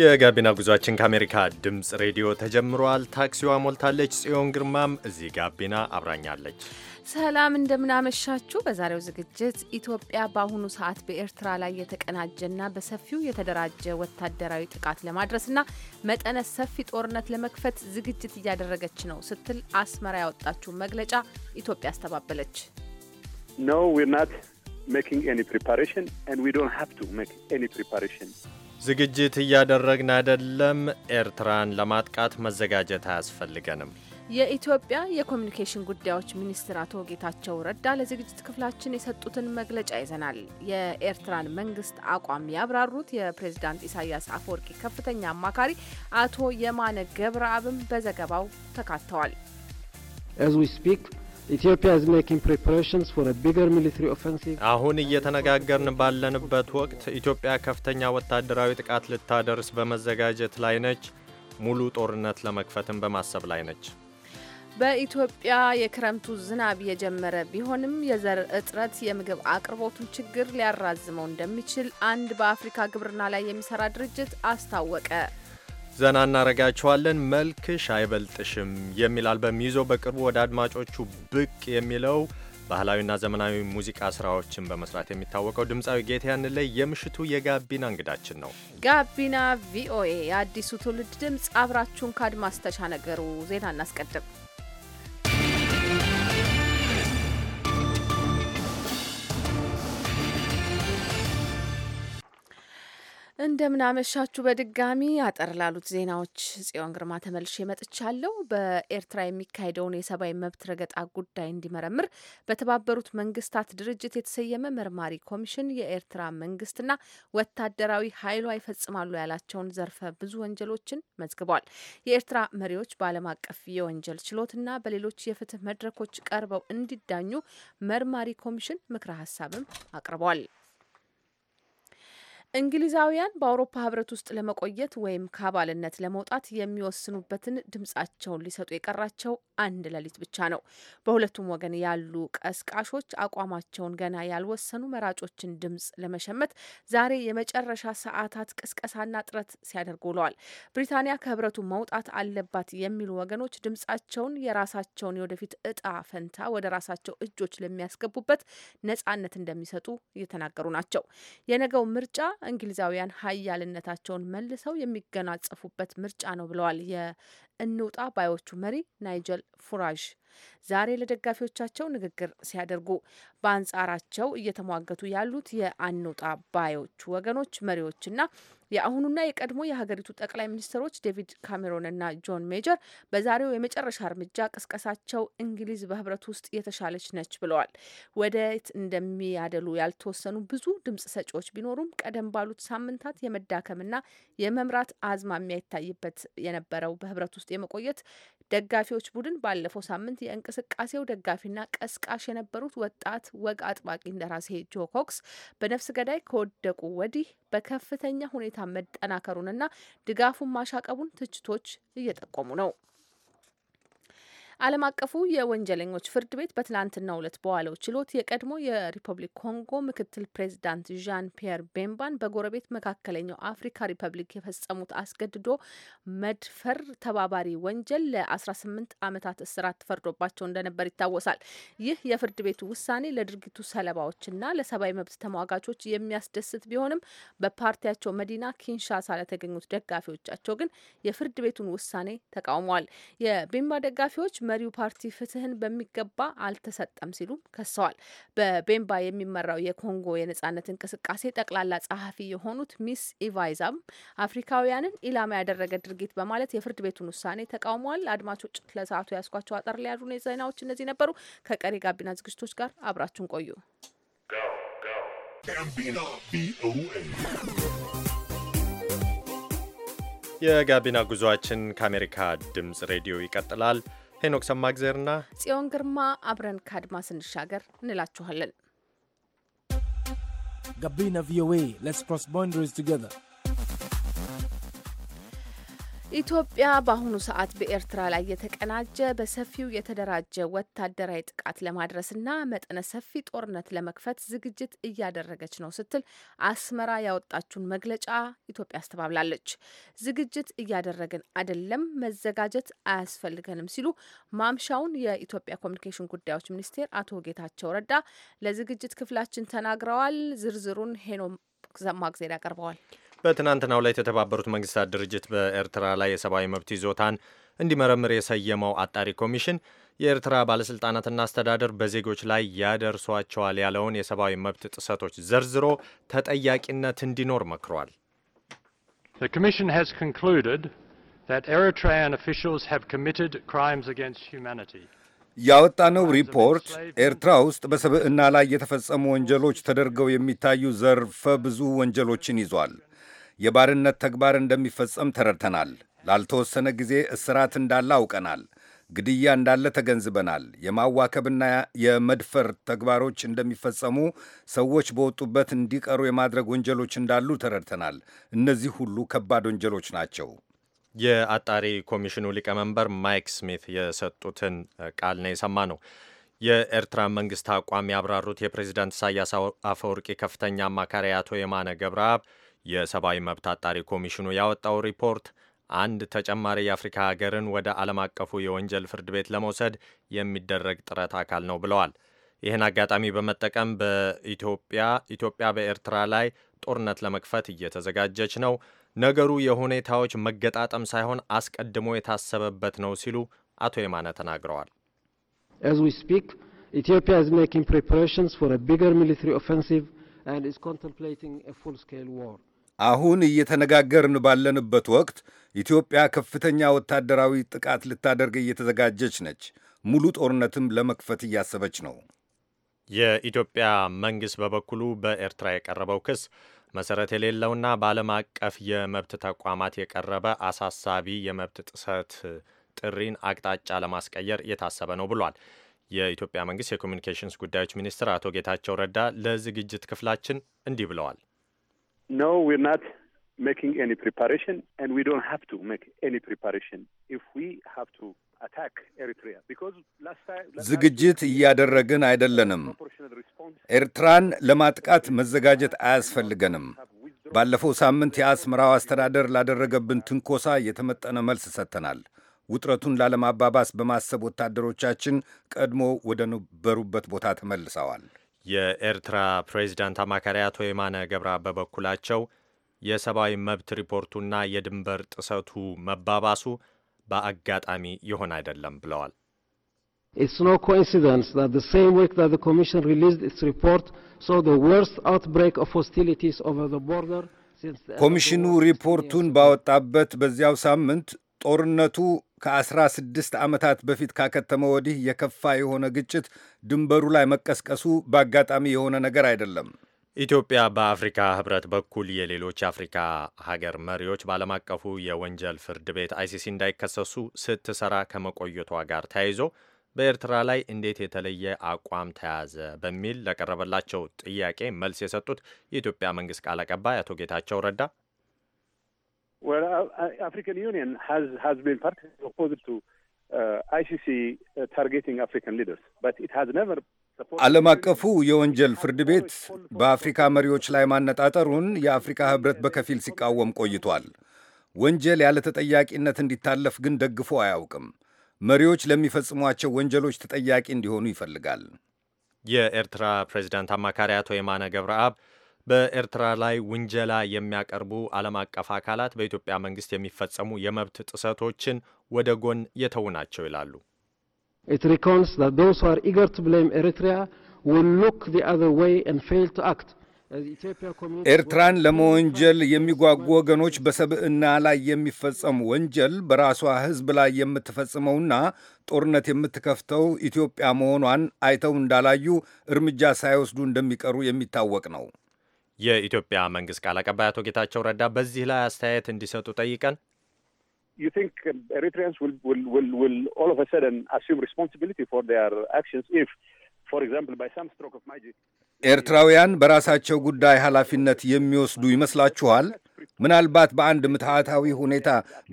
የጋቢና ጉዟችን ከአሜሪካ ድምፅ ሬዲዮ ተጀምሯል። ታክሲዋ ሞልታለች። ጽዮን ግርማም እዚህ ጋቢና አብራኛለች። ሰላም እንደምናመሻችሁ። በዛሬው ዝግጅት ኢትዮጵያ በአሁኑ ሰዓት በኤርትራ ላይ የተቀናጀና በሰፊው የተደራጀ ወታደራዊ ጥቃት ለማድረስና መጠነ ሰፊ ጦርነት ለመክፈት ዝግጅት እያደረገች ነው ስትል አስመራ ያወጣችው መግለጫ ኢትዮጵያ አስተባበለች። ኖ ዊር ናት ሜኪንግ ኤኒ ፕሪፓሬሽን ኤንድ ዊ ዶንት ሃቭ ቱ ሜክ ኤኒ ፕሪፓሬሽን ዝግጅት እያደረግን አይደለም። ኤርትራን ለማጥቃት መዘጋጀት አያስፈልገንም። የኢትዮጵያ የኮሚኒኬሽን ጉዳዮች ሚኒስትር አቶ ጌታቸው ረዳ ለዝግጅት ክፍላችን የሰጡትን መግለጫ ይዘናል። የኤርትራን መንግስት አቋም ያብራሩት የፕሬዝዳንት ኢሳያስ አፈወርቂ ከፍተኛ አማካሪ አቶ የማነ ገብረአብም በዘገባው ተካተዋል። As we speak, አሁን እየተነጋገርን ባለንበት ወቅት ኢትዮጵያ ከፍተኛ ወታደራዊ ጥቃት ልታደርስ በመዘጋጀት ላይ ነች። ሙሉ ጦርነት ለመክፈትን በማሰብ ላይ ነች። በኢትዮጵያ የክረምቱ ዝናብ የጀመረ ቢሆንም የዘር እጥረት የምግብ አቅርቦቱን ችግር ሊያራዝመው እንደሚችል አንድ በአፍሪካ ግብርና ላይ የሚሰራ ድርጅት አስታወቀ። ዘና እናረጋችኋለን። መልክሽ አይበልጥሽም የሚል አልበም ይዞ በቅርቡ ወደ አድማጮቹ ብቅ የሚለው ባህላዊና ዘመናዊ ሙዚቃ ስራዎችን በመስራት የሚታወቀው ድምፃዊ ጌትያን ላይ የምሽቱ የጋቢና እንግዳችን ነው። ጋቢና ቪኦኤ የአዲሱ ትውልድ ድምፅ፣ አብራችሁን ከአድማስ ተሻገሩ። ዜና እናስቀድም። እንደምናመሻችሁ በድጋሚ አጠር ላሉት ዜናዎች ጽዮን ግርማ ተመልሼ መጥቻለሁ። በኤርትራ የሚካሄደውን የሰብአዊ መብት ረገጣ ጉዳይ እንዲመረምር በተባበሩት መንግስታት ድርጅት የተሰየመ መርማሪ ኮሚሽን የኤርትራ መንግስትና ወታደራዊ ኃይሏ ይፈጽማሉ ያላቸውን ዘርፈ ብዙ ወንጀሎችን መዝግቧል። የኤርትራ መሪዎች በዓለም አቀፍ የወንጀል ችሎትና በሌሎች የፍትህ መድረኮች ቀርበው እንዲዳኙ መርማሪ ኮሚሽን ምክረ ሀሳብም አቅርቧል። እንግሊዛውያን በአውሮፓ ህብረት ውስጥ ለመቆየት ወይም ከአባልነት ለመውጣት የሚወስኑበትን ድምጻቸውን ሊሰጡ የቀራቸው አንድ ሌሊት ብቻ ነው። በሁለቱም ወገን ያሉ ቀስቃሾች አቋማቸውን ገና ያልወሰኑ መራጮችን ድምጽ ለመሸመት ዛሬ የመጨረሻ ሰዓታት ቅስቀሳና ጥረት ሲያደርጉ ውለዋል። ብሪታንያ ከህብረቱ መውጣት አለባት የሚሉ ወገኖች ድምጻቸውን የራሳቸውን የወደፊት እጣ ፈንታ ወደ ራሳቸው እጆች ለሚያስገቡበት ነጻነት እንደሚሰጡ እየተናገሩ ናቸው። የነገው ምርጫ እንግሊዛውያን ሀያልነታቸውን መልሰው የሚገናጸፉበት ምርጫ ነው ብለዋል የእንውጣ ባዮቹ መሪ ናይጀል ፉራዥ። ዛሬ ለደጋፊዎቻቸው ንግግር ሲያደርጉ በአንጻራቸው እየተሟገቱ ያሉት የአንውጣ ባዮች ወገኖች መሪዎችና የአሁኑና የቀድሞ የሀገሪቱ ጠቅላይ ሚኒስትሮች ዴቪድ ካሜሮንና ጆን ሜጀር በዛሬው የመጨረሻ እርምጃ ቅስቀሳቸው እንግሊዝ በህብረት ውስጥ የተሻለች ነች ብለዋል። ወደየት እንደሚያደሉ ያልተወሰኑ ብዙ ድምጽ ሰጪዎች ቢኖሩም ቀደም ባሉት ሳምንታት የመዳከምና የመምራት አዝማሚያ ይታይበት የነበረው በህብረት ውስጥ የመቆየት ደጋፊዎች ቡድን ባለፈው ሳምንት የእንቅስቃሴው ደጋፊና ቀስቃሽ የነበሩት ወጣት ወግ አጥባቂ እንደራሴ ጆ ኮክስ በነፍስ ገዳይ ከወደቁ ወዲህ በከፍተኛ ሁኔታ መጠናከሩንና ድጋፉን ማሻቀቡን ትችቶች እየጠቆሙ ነው። ዓለም አቀፉ የወንጀለኞች ፍርድ ቤት በትላንትናው ዕለት በዋለው ችሎት የቀድሞ የሪፐብሊክ ኮንጎ ምክትል ፕሬዚዳንት ዣን ፒየር ቤምባን በጎረቤት መካከለኛው አፍሪካ ሪፐብሊክ የፈጸሙት አስገድዶ መድፈር ተባባሪ ወንጀል ለ18 ዓመታት እስራት ፈርዶባቸው እንደነበር ይታወሳል። ይህ የፍርድ ቤቱ ውሳኔ ለድርጊቱ ሰለባዎችና ለሰብአዊ መብት ተሟጋቾች የሚያስደስት ቢሆንም በፓርቲያቸው መዲና ኪንሻሳ ለተገኙት ደጋፊዎቻቸው ግን የፍርድ ቤቱን ውሳኔ ተቃውመዋል። የቤምባ ደጋፊዎች መሪው ፓርቲ ፍትህን በሚገባ አልተሰጠም ሲሉም ከሰዋል። በቤምባ የሚመራው የኮንጎ የነጻነት እንቅስቃሴ ጠቅላላ ጸሐፊ የሆኑት ሚስ ኢቫይዛም አፍሪካውያንን ኢላማ ያደረገ ድርጊት በማለት የፍርድ ቤቱን ውሳኔ ተቃውመዋል። አድማቾች ለሰዓቱ ያስኳቸው አጠር ሊያሉ ዜናዎች እነዚህ ነበሩ። ከቀሪ ጋቢና ዝግጅቶች ጋር አብራችሁን ቆዩ። የጋቢና ጉዞአችን ከአሜሪካ ድምፅ ሬዲዮ ይቀጥላል። ሄኖክ ሰማግዜርና ጽዮን ግርማ አብረን ከአድማስ ስንሻገር እንላችኋለን። ጋቢና ቪኦኤ ሌትስ ክሮስ ቦንደሪስ ቱጌዘር ኢትዮጵያ በአሁኑ ሰዓት በኤርትራ ላይ የተቀናጀ በሰፊው የተደራጀ ወታደራዊ ጥቃት ለማድረስና መጠነ ሰፊ ጦርነት ለመክፈት ዝግጅት እያደረገች ነው ስትል አስመራ ያወጣችውን መግለጫ ኢትዮጵያ አስተባብላለች። ዝግጅት እያደረግን አይደለም፣ መዘጋጀት አያስፈልገንም ሲሉ ማምሻውን የኢትዮጵያ ኮሚኒኬሽን ጉዳዮች ሚኒስቴር አቶ ጌታቸው ረዳ ለዝግጅት ክፍላችን ተናግረዋል። ዝርዝሩን ሄኖ ዘማግዜር ያቀርበዋል። በትናንትናው ላይ የተባበሩት መንግስታት ድርጅት በኤርትራ ላይ የሰብአዊ መብት ይዞታን እንዲመረምር የሰየመው አጣሪ ኮሚሽን የኤርትራ ባለሥልጣናትና አስተዳደር በዜጎች ላይ ያደርሷቸዋል ያለውን የሰብአዊ መብት ጥሰቶች ዘርዝሮ ተጠያቂነት እንዲኖር መክሯል። ያወጣነው ሪፖርት ኤርትራ ውስጥ በሰብዕና ላይ የተፈጸሙ ወንጀሎች ተደርገው የሚታዩ ዘርፈ ብዙ ወንጀሎችን ይዟል። የባርነት ተግባር እንደሚፈጸም ተረድተናል። ላልተወሰነ ጊዜ እስራት እንዳለ አውቀናል። ግድያ እንዳለ ተገንዝበናል። የማዋከብና የመድፈር ተግባሮች እንደሚፈጸሙ፣ ሰዎች በወጡበት እንዲቀሩ የማድረግ ወንጀሎች እንዳሉ ተረድተናል። እነዚህ ሁሉ ከባድ ወንጀሎች ናቸው። የአጣሪ ኮሚሽኑ ሊቀመንበር ማይክ ስሚት የሰጡትን ቃል ነው የሰማ ነው። የኤርትራ መንግስት አቋም ያብራሩት የፕሬዚዳንት ኢሳያስ አፈወርቂ ከፍተኛ አማካሪ አቶ የማነ ገብረአብ የሰብአዊ መብት አጣሪ ኮሚሽኑ ያወጣው ሪፖርት አንድ ተጨማሪ የአፍሪካ ሀገርን ወደ ዓለም አቀፉ የወንጀል ፍርድ ቤት ለመውሰድ የሚደረግ ጥረት አካል ነው ብለዋል። ይህን አጋጣሚ በመጠቀም በኢትዮጵያ ኢትዮጵያ በኤርትራ ላይ ጦርነት ለመክፈት እየተዘጋጀች ነው፣ ነገሩ የሁኔታዎች መገጣጠም ሳይሆን አስቀድሞ የታሰበበት ነው ሲሉ አቶ የማነ ተናግረዋል። as we speak ኢትዮጵያ is making preparations for a bigger military offensive and is contemplating a full scale war አሁን እየተነጋገርን ባለንበት ወቅት ኢትዮጵያ ከፍተኛ ወታደራዊ ጥቃት ልታደርግ እየተዘጋጀች ነች። ሙሉ ጦርነትም ለመክፈት እያሰበች ነው። የኢትዮጵያ መንግስት በበኩሉ በኤርትራ የቀረበው ክስ መሰረት የሌለውና በዓለም አቀፍ የመብት ተቋማት የቀረበ አሳሳቢ የመብት ጥሰት ጥሪን አቅጣጫ ለማስቀየር የታሰበ ነው ብሏል። የኢትዮጵያ መንግስት የኮሚኒኬሽንስ ጉዳዮች ሚኒስትር አቶ ጌታቸው ረዳ ለዝግጅት ክፍላችን እንዲህ ብለዋል። No, we're not making any preparation, and we don't have to make any preparation if we have to ዝግጅት እያደረግን አይደለንም። ኤርትራን ለማጥቃት መዘጋጀት አያስፈልገንም። ባለፈው ሳምንት የአስመራው አስተዳደር ላደረገብን ትንኮሳ የተመጠነ መልስ ሰጥተናል። ውጥረቱን ላለማባባስ በማሰብ ወታደሮቻችን ቀድሞ ወደ ነበሩበት ቦታ ተመልሰዋል። የኤርትራ ፕሬዚዳንት አማካሪ አቶ የማነ ገብረአብ በበኩላቸው የሰብአዊ መብት ሪፖርቱና የድንበር ጥሰቱ መባባሱ በአጋጣሚ ይሆን አይደለም ብለዋል። ኮሚሽኑ ሪፖርቱን ባወጣበት በዚያው ሳምንት ጦርነቱ ከ16 ዓመታት በፊት ካከተመ ወዲህ የከፋ የሆነ ግጭት ድንበሩ ላይ መቀስቀሱ በአጋጣሚ የሆነ ነገር አይደለም። ኢትዮጵያ በአፍሪካ ህብረት በኩል የሌሎች የአፍሪካ ሀገር መሪዎች በዓለም አቀፉ የወንጀል ፍርድ ቤት አይሲሲ እንዳይከሰሱ ስትሰራ ከመቆየቷ ጋር ተያይዞ በኤርትራ ላይ እንዴት የተለየ አቋም ተያዘ በሚል ለቀረበላቸው ጥያቄ መልስ የሰጡት የኢትዮጵያ መንግስት ቃል አቀባይ አቶ ጌታቸው ረዳ Well, uh, uh, African Union has has been particularly opposed to uh, ICC uh, targeting African leaders, but it has never ዓለም አቀፉ የወንጀል ፍርድ ቤት በአፍሪካ መሪዎች ላይ ማነጣጠሩን የአፍሪካ ህብረት በከፊል ሲቃወም ቆይቷል። ወንጀል ያለ ተጠያቂነት እንዲታለፍ ግን ደግፎ አያውቅም። መሪዎች ለሚፈጽሟቸው ወንጀሎች ተጠያቂ እንዲሆኑ ይፈልጋል። የኤርትራ ፕሬዚዳንት አማካሪ አቶ የማነ ገብረአብ በኤርትራ ላይ ውንጀላ የሚያቀርቡ ዓለም አቀፍ አካላት በኢትዮጵያ መንግስት የሚፈጸሙ የመብት ጥሰቶችን ወደ ጎን የተዉ ናቸው ይላሉ። ኢት ኤርትራን ለመወንጀል የሚጓጉ ወገኖች በሰብዕና ላይ የሚፈጸም ወንጀል በራሷ ሕዝብ ላይ የምትፈጽመውና ጦርነት የምትከፍተው ኢትዮጵያ መሆኗን አይተው እንዳላዩ እርምጃ ሳይወስዱ እንደሚቀሩ የሚታወቅ ነው። የኢትዮጵያ መንግስት ቃል አቀባይ አቶ ጌታቸው ረዳ በዚህ ላይ አስተያየት እንዲሰጡ ጠይቀን you think um, Eritreans will, will, will, will all of a sudden assume responsibility for their actions if, for example, by some stroke of magic... ኤርትራውያን በራሳቸው ጉዳይ ኃላፊነት የሚወስዱ ይመስላችኋል? ምናልባት በአንድ ምትሃታዊ ሁኔታ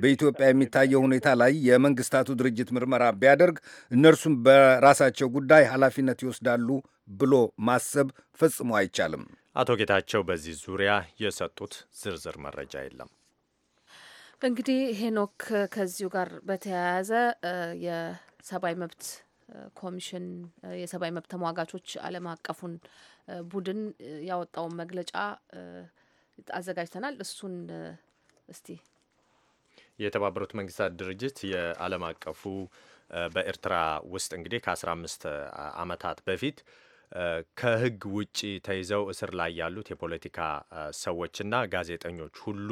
በኢትዮጵያ የሚታየው ሁኔታ ላይ የመንግስታቱ ድርጅት ምርመራ ቢያደርግ እነርሱም በራሳቸው ጉዳይ ኃላፊነት ይወስዳሉ ብሎ ማሰብ ፈጽሞ አይቻልም። አቶ ጌታቸው በዚህ ዙሪያ የሰጡት ዝርዝር መረጃ የለም። እንግዲህ ሄኖክ ከዚሁ ጋር በተያያዘ የሰብአዊ መብት ኮሚሽን የሰብአዊ መብት ተሟጋቾች ዓለም አቀፉን ቡድን ያወጣውን መግለጫ አዘጋጅተናል። እሱን እስቲ የተባበሩት መንግስታት ድርጅት የዓለም አቀፉ በኤርትራ ውስጥ እንግዲህ ከ15 አመታት በፊት ከህግ ውጪ ተይዘው እስር ላይ ያሉት የፖለቲካ ሰዎችና ጋዜጠኞች ሁሉ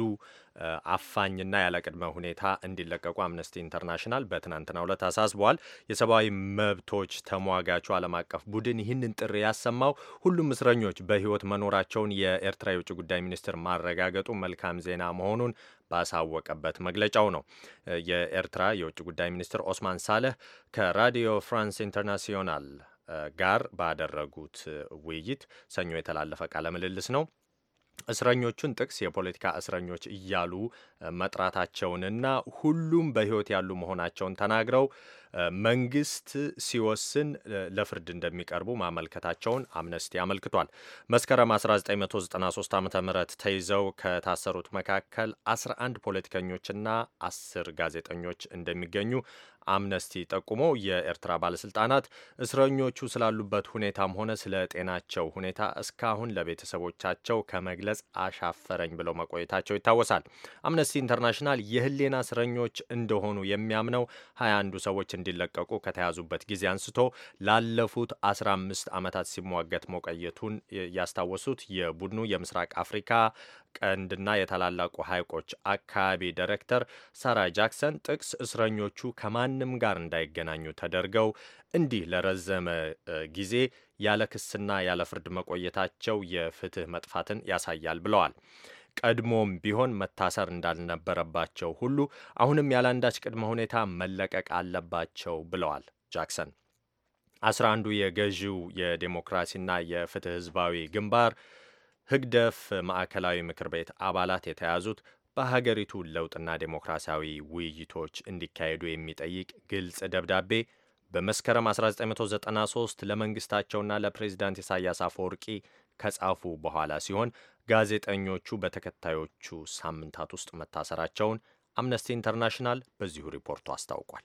አፋኝና ያለቅድመ ሁኔታ እንዲለቀቁ አምነስቲ ኢንተርናሽናል በትናንትናው ዕለት አሳስበዋል። የሰብአዊ መብቶች ተሟጋቹ ዓለም አቀፍ ቡድን ይህንን ጥሪ ያሰማው ሁሉም እስረኞች በህይወት መኖራቸውን የኤርትራ የውጭ ጉዳይ ሚኒስትር ማረጋገጡ መልካም ዜና መሆኑን ባሳወቀበት መግለጫው ነው። የኤርትራ የውጭ ጉዳይ ሚኒስትር ኦስማን ሳለህ ከራዲዮ ፍራንስ ኢንተርናሲዮናል ጋር ባደረጉት ውይይት ሰኞ የተላለፈ ቃለ ምልልስ ነው። እስረኞቹን ጥቅስ የፖለቲካ እስረኞች እያሉ መጥራታቸውንና ሁሉም በሕይወት ያሉ መሆናቸውን ተናግረው መንግስት ሲወስን ለፍርድ እንደሚቀርቡ ማመልከታቸውን አምነስቲ አመልክቷል። መስከረም 1993 ዓ ም ተይዘው ከታሰሩት መካከል 11 ፖለቲከኞችና 10 ጋዜጠኞች እንደሚገኙ አምነስቲ ጠቁሞ የኤርትራ ባለስልጣናት እስረኞቹ ስላሉበት ሁኔታም ሆነ ስለ ጤናቸው ሁኔታ እስካሁን ለቤተሰቦቻቸው ከመግለጽ አሻፈረኝ ብለው መቆየታቸው ይታወሳል። አምነስቲ ኢንተርናሽናል የህሊና እስረኞች እንደሆኑ የሚያምነው ሀያ አንዱ ሰዎች እንዲለቀቁ ከተያዙበት ጊዜ አንስቶ ላለፉት አስራ አምስት ዓመታት ሲሟገት መቆየቱን ያስታወሱት የቡድኑ የምስራቅ አፍሪካ ቀንድና የታላላቁ ሐይቆች አካባቢ ዳይሬክተር ሳራ ጃክሰን ጥቅስ እስረኞቹ ከማንም ጋር እንዳይገናኙ ተደርገው እንዲህ ለረዘመ ጊዜ ያለ ክስና ያለ ፍርድ መቆየታቸው የፍትህ መጥፋትን ያሳያል ብለዋል። ቀድሞም ቢሆን መታሰር እንዳልነበረባቸው ሁሉ አሁንም ያለአንዳች ቅድመ ሁኔታ መለቀቅ አለባቸው ብለዋል ጃክሰን። አስራ አንዱ የገዢው የዴሞክራሲና የፍትህ ህዝባዊ ግንባር ህግደፍ ማዕከላዊ ምክር ቤት አባላት የተያዙት በሀገሪቱ ለውጥና ዴሞክራሲያዊ ውይይቶች እንዲካሄዱ የሚጠይቅ ግልጽ ደብዳቤ በመስከረም 1993 ለመንግስታቸውና ለፕሬዚዳንት ኢሳያስ አፈወርቂ ከጻፉ በኋላ ሲሆን ጋዜጠኞቹ በተከታዮቹ ሳምንታት ውስጥ መታሰራቸውን አምነስቲ ኢንተርናሽናል በዚሁ ሪፖርቱ አስታውቋል።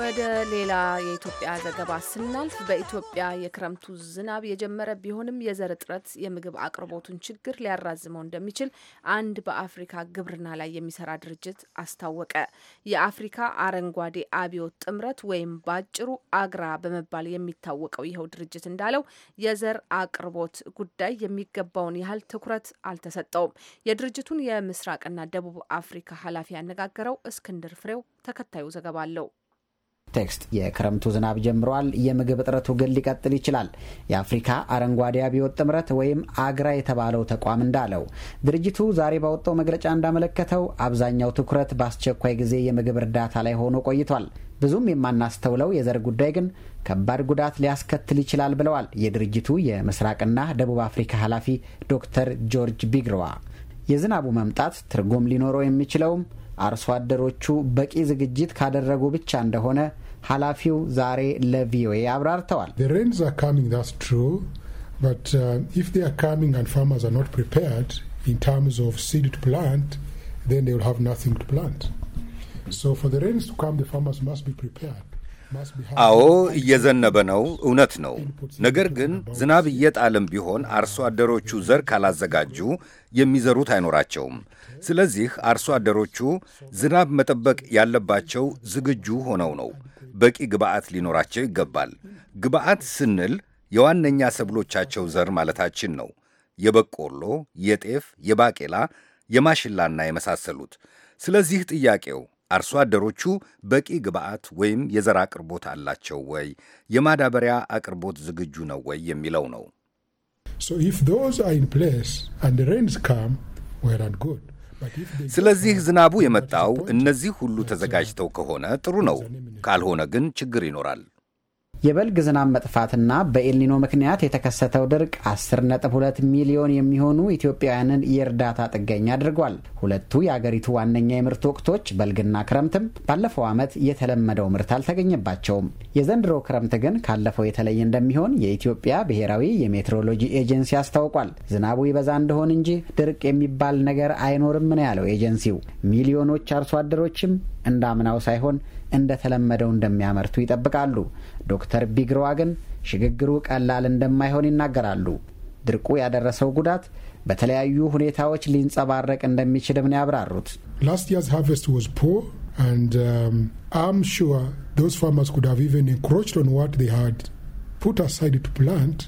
ወደ ሌላ የኢትዮጵያ ዘገባ ስናልፍ በኢትዮጵያ የክረምቱ ዝናብ የጀመረ ቢሆንም የዘር እጥረት የምግብ አቅርቦቱን ችግር ሊያራዝመው እንደሚችል አንድ በአፍሪካ ግብርና ላይ የሚሰራ ድርጅት አስታወቀ። የአፍሪካ አረንጓዴ አብዮት ጥምረት ወይም በአጭሩ አግራ በመባል የሚታወቀው ይኸው ድርጅት እንዳለው የዘር አቅርቦት ጉዳይ የሚገባውን ያህል ትኩረት አልተሰጠውም። የድርጅቱን የምስራቅና ደቡብ አፍሪካ ኃላፊ ያነጋገረው እስክንድር ፍሬው ተከታዩ ዘገባ አለው። ቴክስት የክረምቱ ዝናብ ጀምሯል። የምግብ እጥረቱ ግን ሊቀጥል ይችላል። የአፍሪካ አረንጓዴ አብዮት ጥምረት ወይም አግራ የተባለው ተቋም እንዳለው ድርጅቱ ዛሬ ባወጣው መግለጫ እንዳመለከተው አብዛኛው ትኩረት በአስቸኳይ ጊዜ የምግብ እርዳታ ላይ ሆኖ ቆይቷል። ብዙም የማናስተውለው የዘር ጉዳይ ግን ከባድ ጉዳት ሊያስከትል ይችላል ብለዋል የድርጅቱ የምስራቅና ደቡብ አፍሪካ ኃላፊ ዶክተር ጆርጅ ቢግርዋ። የዝናቡ መምጣት ትርጉም ሊኖረው የሚችለውም አርሶ አደሮቹ በቂ ዝግጅት ካደረጉ ብቻ እንደሆነ ኃላፊው ዛሬ ለቪኦኤ አብራርተዋል። uh, አዎ እየዘነበ ነው፣ እውነት ነው። ነገር ግን ዝናብ እየጣለም ቢሆን አርሶ አደሮቹ ዘር ካላዘጋጁ የሚዘሩት አይኖራቸውም። ስለዚህ አርሶ አደሮቹ ዝናብ መጠበቅ ያለባቸው ዝግጁ ሆነው ነው። በቂ ግብአት ሊኖራቸው ይገባል። ግብአት ስንል የዋነኛ ሰብሎቻቸው ዘር ማለታችን ነው። የበቆሎ፣ የጤፍ፣ የባቄላ፣ የማሽላና የመሳሰሉት። ስለዚህ ጥያቄው አርሶ አደሮቹ በቂ ግብአት ወይም የዘር አቅርቦት አላቸው ወይ፣ የማዳበሪያ አቅርቦት ዝግጁ ነው ወይ የሚለው ነው። So if ስለዚህ ዝናቡ የመጣው እነዚህ ሁሉ ተዘጋጅተው ከሆነ ጥሩ ነው፣ ካልሆነ ግን ችግር ይኖራል። የበልግ ዝናብ መጥፋትና በኤልኒኖ ምክንያት የተከሰተው ድርቅ 10.2 ሚሊዮን የሚሆኑ ኢትዮጵያውያንን የእርዳታ ጥገኛ አድርጓል። ሁለቱ የአገሪቱ ዋነኛ የምርት ወቅቶች በልግና ክረምትም ባለፈው ዓመት የተለመደው ምርት አልተገኘባቸውም። የዘንድሮ ክረምት ግን ካለፈው የተለየ እንደሚሆን የኢትዮጵያ ብሔራዊ የሜትሮሎጂ ኤጀንሲ አስታውቋል። ዝናቡ ይበዛ እንደሆን እንጂ ድርቅ የሚባል ነገር አይኖርም ነው ያለው ኤጀንሲው። ሚሊዮኖች አርሶ አደሮችም እንዳምናው ሳይሆን እንደተለመደው እንደሚያመርቱ ይጠብቃሉ። ዶክተር ቢግረዋ ግን ሽግግሩ ቀላል እንደማይሆን ይናገራሉ። ድርቁ ያደረሰው ጉዳት በተለያዩ ሁኔታዎች ሊንጸባረቅ እንደሚችልም ነው ያብራሩት። ላስት ያርስ ሃርቨስት ዋዝ ፑር አንድ አም ሹር ዶዝ ፋርመርስ ኩድ ሃቭ ኢቨን ኢንክሮችድ ኦን ዋት ሃድ ፑት አሳይድ ቱ ፕላንት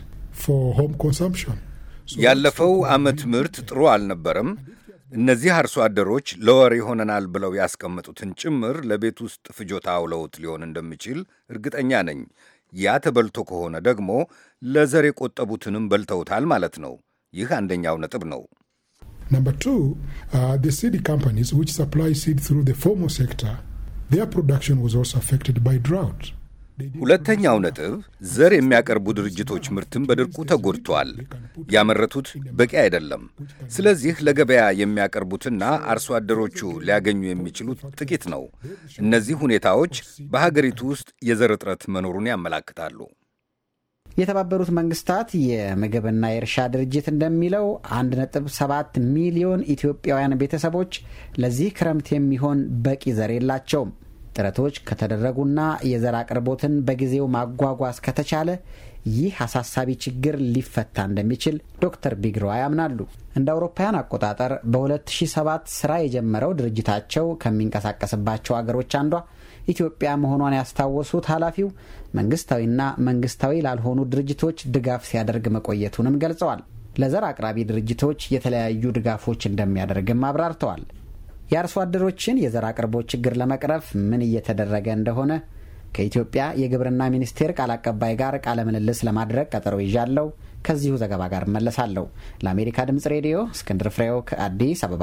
ፎር ሆም ኮንሰምፕሽን። ያለፈው ዓመት ምርት ጥሩ አልነበረም። እነዚህ አርሶ አደሮች ለወር ይሆነናል ብለው ያስቀመጡትን ጭምር ለቤት ውስጥ ፍጆታ አውለውት ሊሆን እንደሚችል እርግጠኛ ነኝ። ያ ተበልቶ ከሆነ ደግሞ ለዘር የቆጠቡትንም በልተውታል ማለት ነው። ይህ አንደኛው ነጥብ ነው። ነምበር ቱ ሲድ ካምፓኒስ ዊች ሰፕላይ ሲድ ትሩ ፎርማል ሴክተር ፕሮዳክሽን ዋዝ አፌክትድ ባይ ድራውት ሁለተኛው ነጥብ ዘር የሚያቀርቡ ድርጅቶች ምርትም በድርቁ ተጎድቷል። ያመረቱት በቂ አይደለም። ስለዚህ ለገበያ የሚያቀርቡትና አርሶ አደሮቹ ሊያገኙ የሚችሉት ጥቂት ነው። እነዚህ ሁኔታዎች በሀገሪቱ ውስጥ የዘር እጥረት መኖሩን ያመላክታሉ። የተባበሩት መንግስታት የምግብና የእርሻ ድርጅት እንደሚለው 1.7 ሚሊዮን ኢትዮጵያውያን ቤተሰቦች ለዚህ ክረምት የሚሆን በቂ ዘር የላቸውም። ጥረቶች ከተደረጉና የዘር አቅርቦትን በጊዜው ማጓጓዝ ከተቻለ ይህ አሳሳቢ ችግር ሊፈታ እንደሚችል ዶክተር ቢግሮዋ ያምናሉ። እንደ አውሮፓውያን አቆጣጠር በ2007 ስራ የጀመረው ድርጅታቸው ከሚንቀሳቀስባቸው አገሮች አንዷ ኢትዮጵያ መሆኗን ያስታወሱት ኃላፊው መንግስታዊና መንግስታዊ ላልሆኑ ድርጅቶች ድጋፍ ሲያደርግ መቆየቱንም ገልጸዋል። ለዘር አቅራቢ ድርጅቶች የተለያዩ ድጋፎች እንደሚያደርግም አብራርተዋል። የአርሶ አደሮችን የዘር አቅርቦ ችግር ለመቅረፍ ምን እየተደረገ እንደሆነ ከኢትዮጵያ የግብርና ሚኒስቴር ቃል አቀባይ ጋር ቃለ ምልልስ ለማድረግ ቀጠሮ ይዣለሁ። ከዚሁ ዘገባ ጋር እመለሳለሁ። ለአሜሪካ ድምፅ ሬዲዮ እስክንድር ፍሬው ከአዲስ አበባ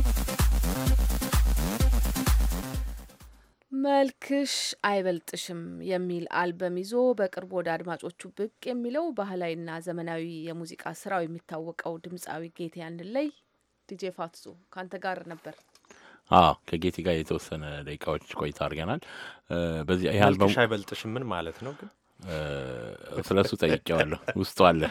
መልክሽ አይበልጥሽም የሚል አልበም ይዞ በቅርቡ ወደ አድማጮቹ ብቅ የሚለው ባህላዊና ዘመናዊ የሙዚቃ ስራው የሚታወቀው ድምፃዊ ጌቴ አንድለይ ዲጄ ፋትሶ ከአንተ ጋር ነበር። አዎ ከጌቴ ጋር የተወሰነ ደቂቃዎች ቆይታ አድርገናል። በዚህ ይህ አልበሙ አይበልጥሽም ምን ማለት ነው ግን ስለሱ ጠይቄዋለሁ። ውስጡ አለ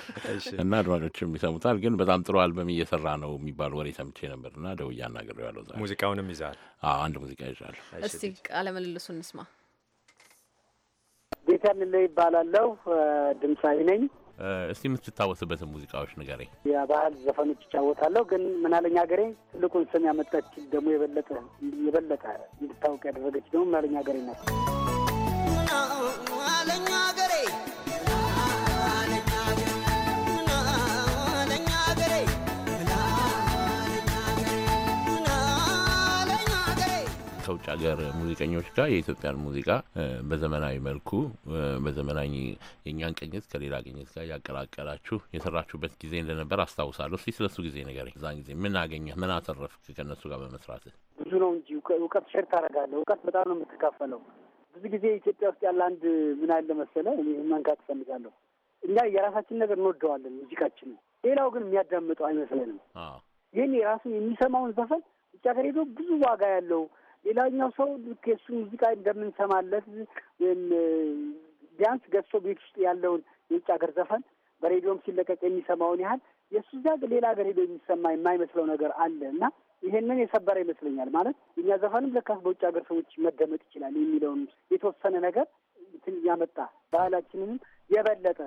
እና አድማጮችም ይሰሙታል። ግን በጣም ጥሩ አልበም እየሰራ ነው የሚባል ወሬ ሰምቼ ነበር እና ደውዬ አናግሬዋለሁ። ዛሬ ሙዚቃውንም ይዛል። አንድ ሙዚቃ ይዛል። እስቲ ቃለ ምልልሱ እንስማ። ቤተ ልለ ይባላለው ድምፃዊ ነኝ። እስቲ የምትታወስበትን ሙዚቃዎች ንገረኝ። የባህል ዘፈኖች ይጫወታለሁ። ግን ምናለኝ ሀገሬ ትልቁን ስም ያመጣች ደግሞ የበለጠ የበለጠ እንድታወቅ ያደረገች ደግሞ ምናለኝ ሀገሬ ናት። ከውጭ ሀገር ሙዚቀኞች ጋር የኢትዮጵያን ሙዚቃ በዘመናዊ መልኩ በዘመናዊ የእኛን ቅኝት ከሌላ ቅኝት ጋር ያቀላቀላችሁ የሰራችሁበት ጊዜ እንደነበር አስታውሳለሁ። እስቲ ስለሱ ጊዜ ንገረኝ። እዛን ጊዜ ምን አገኘህ? ምን አተረፍክ ከእነሱ ጋር በመስራት? ብዙ ነው እንጂ እውቀት ሸር ታደርጋለህ። እውቀት በጣም ነው የምትካፈለው። ብዙ ጊዜ ኢትዮጵያ ውስጥ ያለ አንድ ምን አለ መሰለህ፣ መንካት እፈልጋለሁ። እኛ የራሳችን ነገር እንወደዋለን ሙዚቃችን ሌላው ግን የሚያዳምጠው አይመስለንም። ይህን የራሱን የሚሰማውን ዘፈን ብቻ ከሄዶ ብዙ ዋጋ ያለው ሌላኛው ሰው ሱ ሙዚቃ እንደምንሰማለት ወይም ቢያንስ ገዝቶ ቤት ውስጥ ያለውን የውጭ ሀገር ዘፈን በሬዲዮም ሲለቀቅ የሚሰማውን ያህል የእሱ እዛ ሌላ ሀገር ሄዶ የሚሰማ የማይመስለው ነገር አለ እና ይሄንን የሰበረ ይመስለኛል። ማለት እኛ ዘፈንም ለካስ በውጭ ሀገር ሰዎች መደመጥ ይችላል የሚለውን የተወሰነ ነገር እንትን ያመጣ ባህላችንንም የበለጠ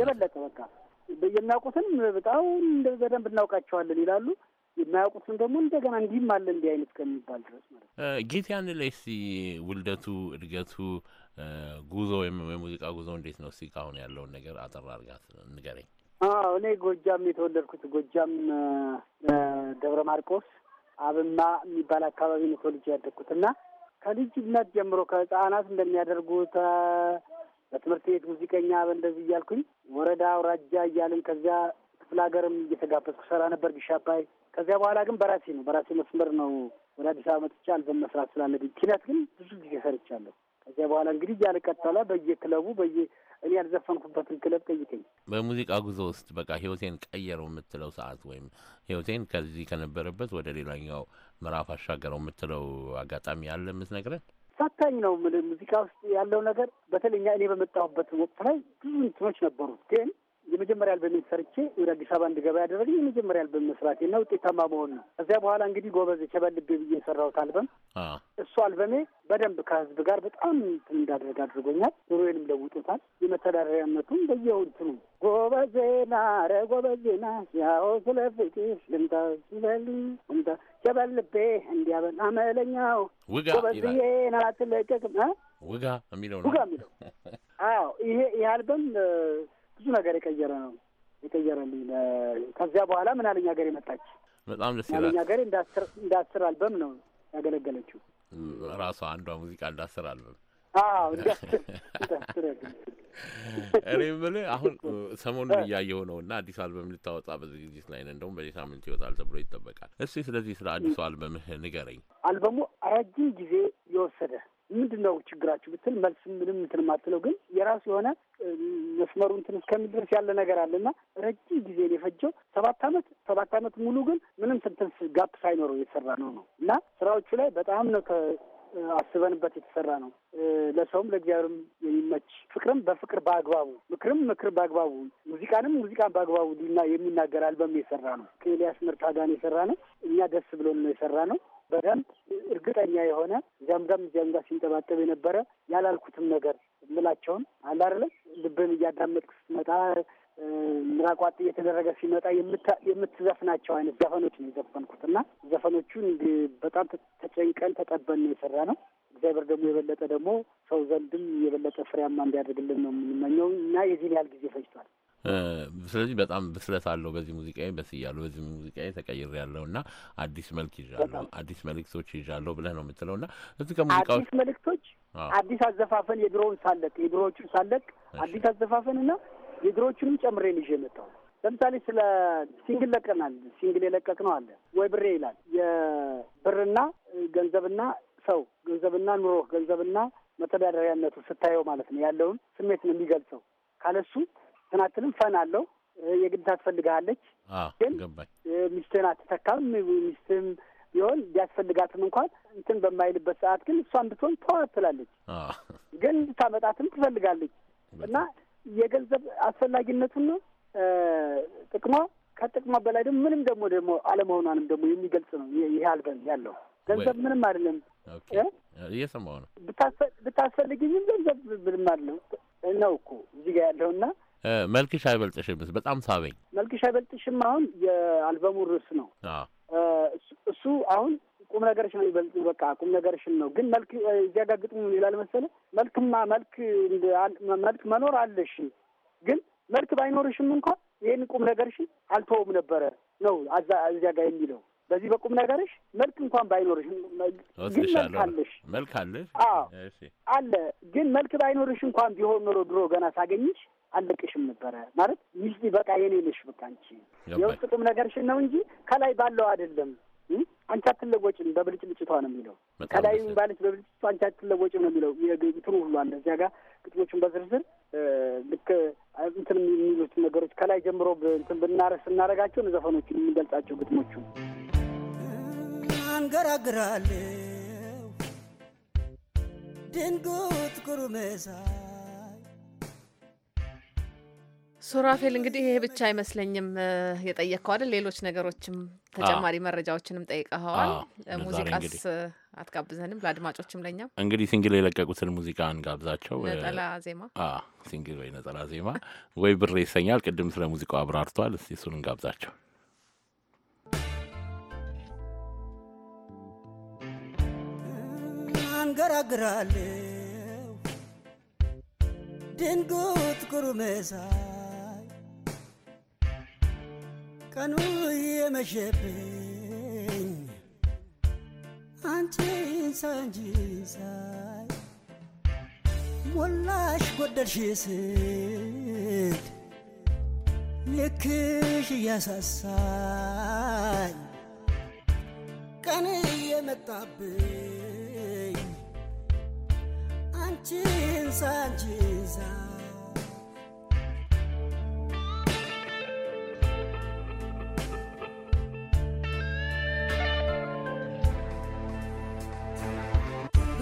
የበለጠ በቃ የሚያውቁትን በጣም በደንብ እናውቃቸዋለን ይላሉ። የማያውቁትን ደግሞ እንደገና እንዲህም አለ እንዲህ አይነት ከሚባል ድረስ ማለት ነው። ያን ላይ እስቲ ውልደቱ፣ እድገቱ፣ ጉዞ ወይም የሙዚቃ ጉዞ እንዴት ነው? እስቲ ካሁን ያለውን ነገር አጠር አድርጋት ንገረኝ። አዎ እኔ ጎጃም የተወለድኩት ጎጃም ደብረ ማርቆስ አብማ የሚባል አካባቢ ነው ተወልጄ ያደግኩት እና ከልጅነት ጀምሮ ከህፃናት እንደሚያደርጉት በትምህርት ቤት ሙዚቀኛ በእንደዚህ እያልኩኝ ወረዳ አውራጃ እያልን ከዚያ ክፍለ ሀገርም እየተጋበዝኩ ሰራ ነበር ቢሻባይ ከዚያ በኋላ ግን በራሴ ነው በራሴ መስመር ነው ወደ አዲስ አበባ መጥቼ አልበም መስራት ስላለብኝ ኪነት ግን ብዙ ጊዜ ሰርቻለሁ። ከዚያ በኋላ እንግዲህ እያለቀጠለ በየክለቡ በየ እኔ ያልዘፈንኩበትን ክለብ ጠይቀኝ። በሙዚቃ ጉዞ ውስጥ በቃ ህይወቴን ቀየረው የምትለው ሰዓት ወይም ህይወቴን ከዚህ ከነበረበት ወደ ሌላኛው ምዕራፍ አሻገረው የምትለው አጋጣሚ ያለ የምትነግረን? ፈታኝ ነው ሙዚቃ ውስጥ ያለው ነገር። በተለይ እኔ በመጣሁበት ወቅት ላይ ብዙ እንትኖች ነበሩት ግን የመጀመሪያ አልበሜን ሰርቼ ወደ አዲስ አበባ እንድገባ ያደረገኝ የመጀመሪያ አልበም መስራቴ እና ውጤታማ መሆን ነው። ከዚያ በኋላ እንግዲህ ጎበዝ ቸበልቤ ብዬ የሰራሁት አልበም እሱ አልበሜ በደንብ ከህዝብ ጋር በጣም እንትን እንዳደረግ አድርጎኛል። ኑሮዬንም ለውጦታል። የመተዳደሪያነቱም በየውንትኑ ጎበዜና ኧረ ጎበዜና ያው ስለ ፍቅር ልምታ ስለል ልምታ ቸበልቤ እንዲያበል አመለኛው ጎበዝዬ ናትለቀቅ ውጋ የሚለው ነው። ውጋ የሚለው አዎ ይሄ ይህ አልበም ብዙ ነገር የቀየረ ነው የቀየረልኝ። ከዚያ በኋላ ምናለኝ ሀገሬ መጣች። በጣም ደስ ይላል። ምናለኝ ሀገሬ እንደ አስር አልበም ነው ያገለገለችው። ራሷ አንዷ ሙዚቃ እንዳስር አስር አልበም እኔ የምልህ አሁን ሰሞኑን እያየሁ ነው እና አዲስ አልበም ልታወጣ በዝግጅት ላይ ነህ። እንደውም በዚህ ሳምንት ይወጣል ተብሎ ይጠበቃል። እስቲ ስለዚህ ስለ አዲሱ አልበምህ ንገረኝ። አልበሙ ረጅም ጊዜ የወሰደ ምንድን ነው ችግራችሁ ብትል መልስ ምንም እንትን ማትለው ግን የራሱ የሆነ መስመሩ እንትን እስከሚደርስ ያለ ነገር አለ አለና ረጅም ጊዜ የፈጀው ሰባት አመት ሰባት አመት ሙሉ ግን ምንም ትንትንስ ጋፕ ሳይኖረው የተሰራ ነው ነው እና ስራዎቹ ላይ በጣም ነው አስበንበት የተሰራ ነው። ለሰውም ለእግዚአብሔርም የሚመች ፍቅርም በፍቅር በአግባቡ ምክርም ምክር በአግባቡ ሙዚቃንም ሙዚቃን በአግባቡ ና የሚናገር አልበም የሰራ ነው። ከኤልያስ ምርታጋን የሰራ ነው። እኛ ደስ ብሎን ነው የሰራ ነው። በደንብ እርግጠኛ የሆነ ዘምዘም ጋም እዚያም ጋር ሲንጠባጠብ የነበረ ያላልኩትም ነገር ምላቸውን አለ አይደለ ልብን እያዳመጥክ ስትመጣ ምራቋጥ እየተደረገ ሲመጣ የምትዘፍናቸው አይነት ዘፈኖች ነው የዘፈንኩት እና ዘፈኖቹን በጣም ተጨንቀን ተጠበን ነው የሰራ ነው። እግዚአብሔር ደግሞ የበለጠ ደግሞ ሰው ዘንድም የበለጠ ፍሬያማ እንዲያደርግልን ነው የምንመኘው እና የዚህን ያህል ጊዜ ፈጅቷል። ስለዚህ በጣም ብስለት አለው። በዚህ ሙዚቃዬ በስያለሁ፣ በዚህ ሙዚቃዬ ተቀይር ያለው እና አዲስ መልክ ይዣለሁ፣ አዲስ መልእክቶች ይዣለሁ ብለህ ነው የምትለው እና እዚህ ከሙዚቃዎች አዲስ መልእክቶች፣ አዲስ አዘፋፈን፣ የድሮውን ሳለቅ፣ የድሮዎቹን ሳለቅ፣ አዲስ አዘፋፈን እና የድሮዎቹንም ጨምሬ ይዤ የመጣው ለምሳሌ ስለ ሲንግል ለቀናል። ሲንግል የለቀቅ ነው አለ ወይ ብሬ ይላል። የብርና ገንዘብና ሰው ገንዘብና ኑሮ ገንዘብና መተዳደሪያነቱ ስታየው ማለት ነው ያለውን ስሜት ነው የሚገልጸው ካለሱ ትናትንም ፈን አለው። የግድ ታስፈልግሃለች፣ ግን ሚስትህን አትተካም። ሚስትህም ቢሆን ቢያስፈልጋትም እንኳን እንትን በማይልበት ሰዓት ግን እሷን ብትሆን ተዋት ትላለች፣ ግን ልታመጣትም ትፈልጋለች። እና የገንዘብ አስፈላጊነቱን ጥቅሟ ከጥቅሟ በላይ ደግሞ ምንም ደግሞ ደግሞ አለመሆኗንም ደግሞ የሚገልጽ ነው። ይህ አልበም ያለው ገንዘብ ምንም አይደለም። እየሰማሁ ነው። ብታስፈልግኝም ገንዘብ ምንም አይደለም ነው እኮ እዚህ ጋር ያለውና መልክሽ አይበልጥሽምስ በጣም ሳበኝ። መልክሽ አይበልጥሽም አሁን የአልበሙ ርዕስ ነው። እሱ አሁን ቁም ነገርሽ ነው ይበልጥ በቃ ቁም ነገርሽን ነው። ግን መልክ እዚያ ጋር ግጥሙ ይላል መሰለ መልክማ መልክ መልክ መኖር አለሽ፣ ግን መልክ ባይኖርሽም እንኳን ይህን ቁም ነገርሽን አልተወውም ነበረ ነው እዚያ ጋር የሚለው በዚህ በቁም ነገርሽ መልክ እንኳን ባይኖርሽ ግን መልክ አለሽ፣ መልክ አለሽ። አለ። ግን መልክ ባይኖርሽ እንኳን ቢሆን ኖሮ ድሮ ገና ሳገኝሽ አልለቅሽም ነበረ ማለት ይህ በቃ የኔ ነሽ በቃ አንቺ የውስጥ ቁም ነገርሽን ነው እንጂ ከላይ ባለው አይደለም። አንቺ አትለወጭም በብልጭልጭቷ ነው የሚለው ከላይ ባለች በብልጭቷ አንቺ አትለወጭም ነው የሚለው ትሩ ሁሉ አለ እዚያ ጋር ግጥሞቹን በዝርዝር ልክ እንትን የሚሉት ነገሮች ከላይ ጀምሮ እንትን ብናረስ ስናረጋቸውን ዘፈኖቹን የምንገልጻቸው ግጥሞቹ አንገራግራለሁ ድንጉት ጉርምሳ ሱራፌል እንግዲህ ይሄ ብቻ አይመስለኝም የጠየቅከው አይደል? ሌሎች ነገሮችም ተጨማሪ መረጃዎችንም ጠይቀኸዋል። ሙዚቃስ አትጋብዘንም? ለአድማጮችም ለኛም እንግዲህ ሲንግል የለቀቁትን ሙዚቃ እንጋብዛቸው። ነጠላ ዜማ ሲንግል ወይ ነጠላ ዜማ ወይ ብሬ ይሰኛል። ቅድም ስለ ሙዚቃው አብራርቷል። እስቲ እሱን እንጋብዛቸው። አንገራግራለሁ ድንጉት ጉርምሳ ቀኑ የመሸብኝ አንቺን ሳንጂን ሳይ ሞላሽ ጎደልሽ ስድ ልክሽ እያሳሳኝ ቀን እየመጣብኝ አንቺን ሳንጂን ሳይ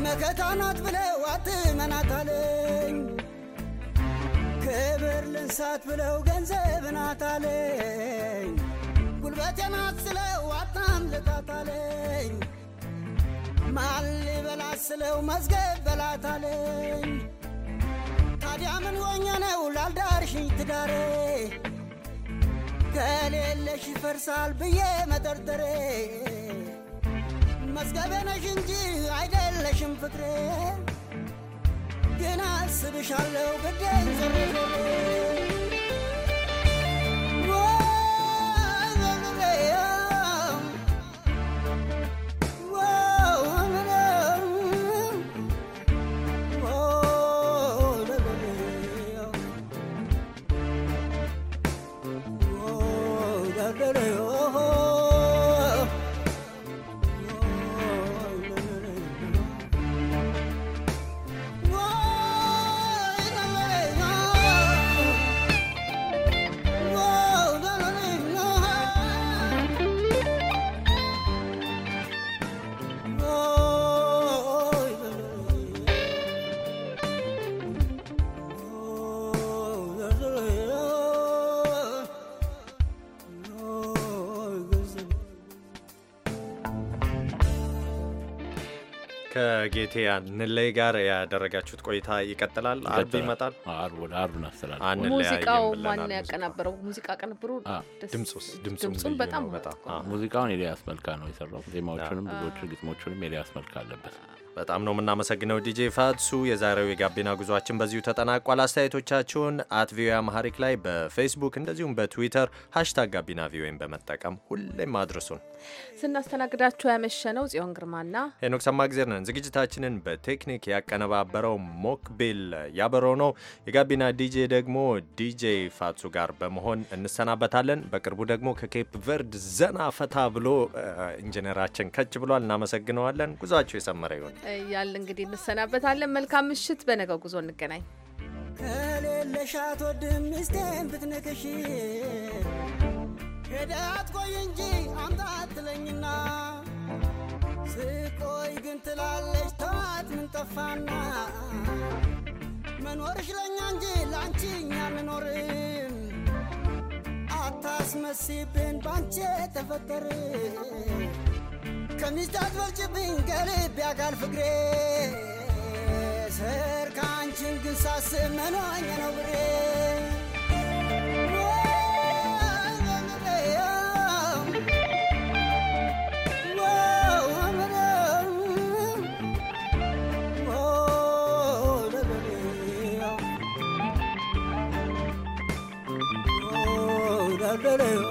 መከታ ናት ብለው አትመናት አለኝ። ክብር ልንሳት ብለው ገንዘብ ናት አለኝ። ጉልበቴ ናት ስለው አታምልጣት አለኝ። ማል በላት ስለው መዝገብ በላት አለኝ። ታዲያ ምን ሆኜ ነው ላልዳርሽኝ ትዳሬ ከሌለሽ ይፈርሳል ብዬ መጠርጠሬ መዝገበነሽ እንጂ አይደለሽም ፍቅሬ፣ ግን አስብሻለሁ ግዴን ዘሬ ከጌቴ ንለይ ጋር ያደረጋችሁት ቆይታ ይቀጥላል። አርብ ይመጣል። አርብ ወደ አርብ ናፍስላል። ሙዚቃው ማን ያቀናበረው? ሙዚቃ ቅንብሩ ድምፁም በጣም ሙዚቃውን ኤልያስ መልካ ነው የሰራው። ዜማዎቹንም ብዙዎቹ ግጥሞቹንም ኤልያስ መልካ አለበት። በጣም ነው የምናመሰግነው ዲጄ ፋትሱ። የዛሬው የጋቢና ጉዟችን በዚሁ ተጠናቋል። አስተያየቶቻችሁን አት ቪኦኤ አማሃሪክ ላይ በፌስቡክ እንደዚሁም በትዊተር ሀሽታግ ጋቢና ቪኦኤን በመጠቀም ሁሌም አድርሱን። ስናስተናግዳችሁ ያመሸነው ጽዮን ግርማና ሄኖክ ሰማግዜር ነን። ዝግጅታችንን በቴክኒክ ያቀነባበረው ሞክቢል ያበረው ነው። የጋቢና ዲጄ ደግሞ ዲጄ ፋትሱ ጋር በመሆን እንሰናበታለን። በቅርቡ ደግሞ ከኬፕ ቨርድ ዘና ፈታ ብሎ ኢንጂነራችን ከች ብሏል። እናመሰግነዋለን። ጉዟችሁ የሰመረ ይሆን። እያል እንግዲህ እንሰናበታለን። መልካም ምሽት። በነገው ጉዞ እንገናኝ። ከሌለሻት አትወድም ሚስቴን ብትነክሽ ሄዳት ቆይ እንጂ አምጣ አትለኝና ስቆይ ግን ትላለች ተዋት ምን ጠፋና መኖርሽ ለኛ እንጂ ለአንቺ እኛ ምኖርም አታስመሲብን ባንቼ ተፈጠር ከሚስት አትበልጭብኝ ከልቤ አካል ፍቅሬ ስር ከአንቺን ግን ሳስብ መኗኛ ነው ብሬ da